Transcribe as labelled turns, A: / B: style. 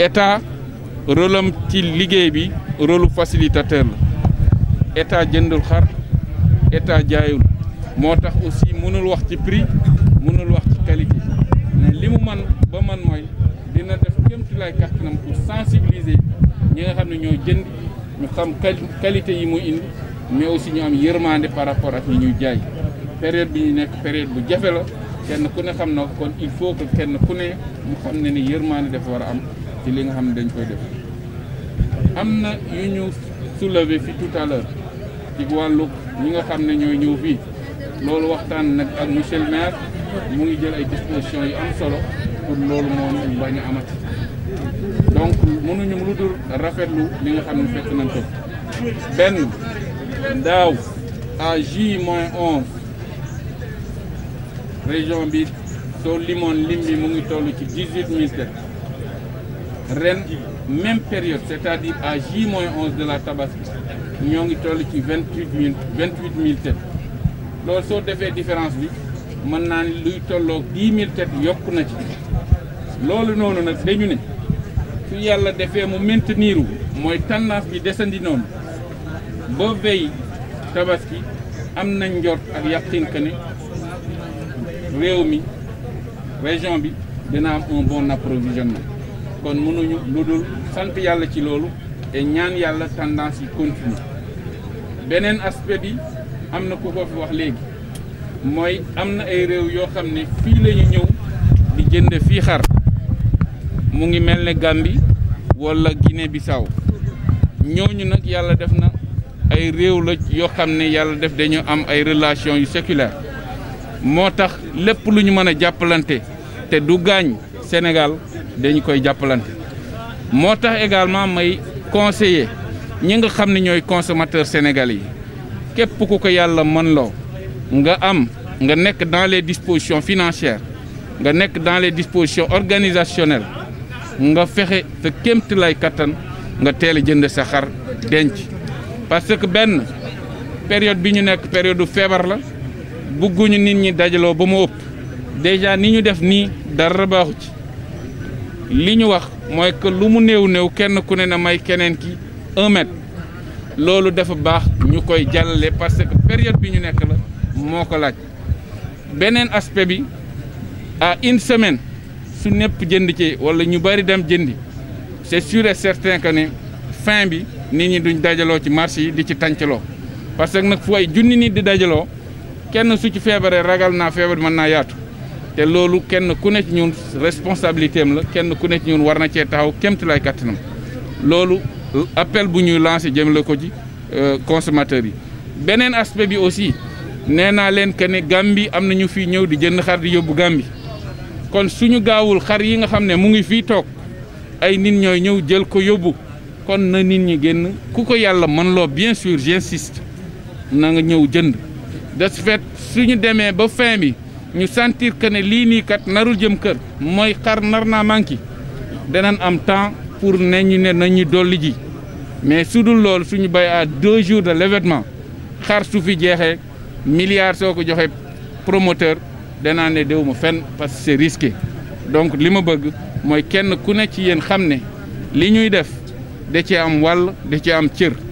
A: état rôle ci liggéey bi rôle facilitateur la état jëndul xar état jaayul moo tax aussi mënul wax ci prix mënul wax ci qualité mais li mu man ba man mooy dina def kéemtulaay kàttanam pour sensibiliser ñi nga xam ne ñoo jënd ñu xam qualité yi mu indi mais aussi ñu am yërmande par rapport ak ñi ñuy jaay période bi ñu nekk période bu jafe kenn ku ne xam na kon il faut kenn ku ne mu xam ne ni yërmande def war a am li nga xam ne dañ koy def am na yu ñu soulevé fi tout ci wàllu ñi nga xam ne ñooy ñëw fii loolu waxtaan nag ak monsieur le maire mu ngi jël ay dispositions yu am solo pour loolu moom bañ a amati donc mënuñu lu dul rafetlu li nga xam ne fekk nañ ko benn daaw a J moins onze région bi soo limoon lim bi mu ngi toll ci dix-huit ministères Rennes, même période, c'est-à-dire à J-11 de la Tabaski, nous avons 28 000 têtes. Lorsque si on fait la différence, maintenant, nous avons 10 000 têtes. C'est ce que nous avons fait. Nous avons fait la différence maintenir la tendance qui descend. Si on veille la Tabasco, nous avons une autre chose à Nous avons un bon approvisionnement. kon mënuñu lu dul sant yàlla ci loolu te ñaan yàlla tendance yi continue beneen aspect bi am na ku ko fi wax léegi mooy am na ay réew yoo xam ne fii la ñëw di jënd fii xar mu ngi mel ne Gambie wala Guinée Bissau ñooñu nag yàlla def na ay réew la yoo xam ne yàlla def dañu am ay relation yu séculaire moo tax lépp lu ñu mën a jàppalante te du gaañ Sénégal dañu koy jàppalante moo tax également may conseiller ñi nga xam ne consommateurs sénégalais yi képp ku ko yàlla mën loo nga am nga nekk dans les dispositions financières nga nekk dans les dispositions organisationnelles nga fexe sa kémt lay kattan nga télé a jënd sa denc parce que ben période bi ñu nekk période feebar la bëgguñu nit ñi dajaloo bu mu upp déjà ni ñu def ni dara baaxu ci li ñu wax mooy que lu mu néew néew kenn ku ne na may keneen ki un mètre loolu dafa baax ñu koy jàllale parce que période bi ñu nekk la moo ko laaj beneen aspect bi à une semaine su ñëpp jënd ci wala ñu bari dem jëndi c'est sûr et certain que ne fin bi nit ñi duñ dajaloo ci marché yi di ci tàncaloo parce que nag fu ay junni nit di dajaloo kenn su ci feebaree ragal naa feebar mën naa yaatu te loolu kenn ku ne ci ñun responsabilité am la kenn ku ne ci ñun war na cee taxaw kémtu lay kàttanam loolu euh, appel bu ñuy lancé jëmale ko ci euh, consommateur yi beneen aspect bi aussi nee naa leen que ne Gambie am na ñu fii ñëw di jënd xar di yóbbu gambi kon suñu gaawul xar yi nga xam ne mu ngi fii toog ay nit ñooy ñëw jël ko yóbbu kon na nit ñi génn ku ko yàlla mën loo bien sûr j'insiste na nga ñëw jënd de ce fait suñu demee ba fin bi ñu sentir que ne lii nii kat narul jëm kër mooy xar nar naa manqué danañ am temps pour ne ñu ne nañu dolli ji mais su dul loolu suñu bay à deux jours de l'événement xar su fi jeexee milliard soo ko joxee promoteur danaa ne ma fenn parce que c'est risqué donc li ma bëgg mooy kenn ku ne ci yéen xam ne li ñuy def da ci am wall da ci am cër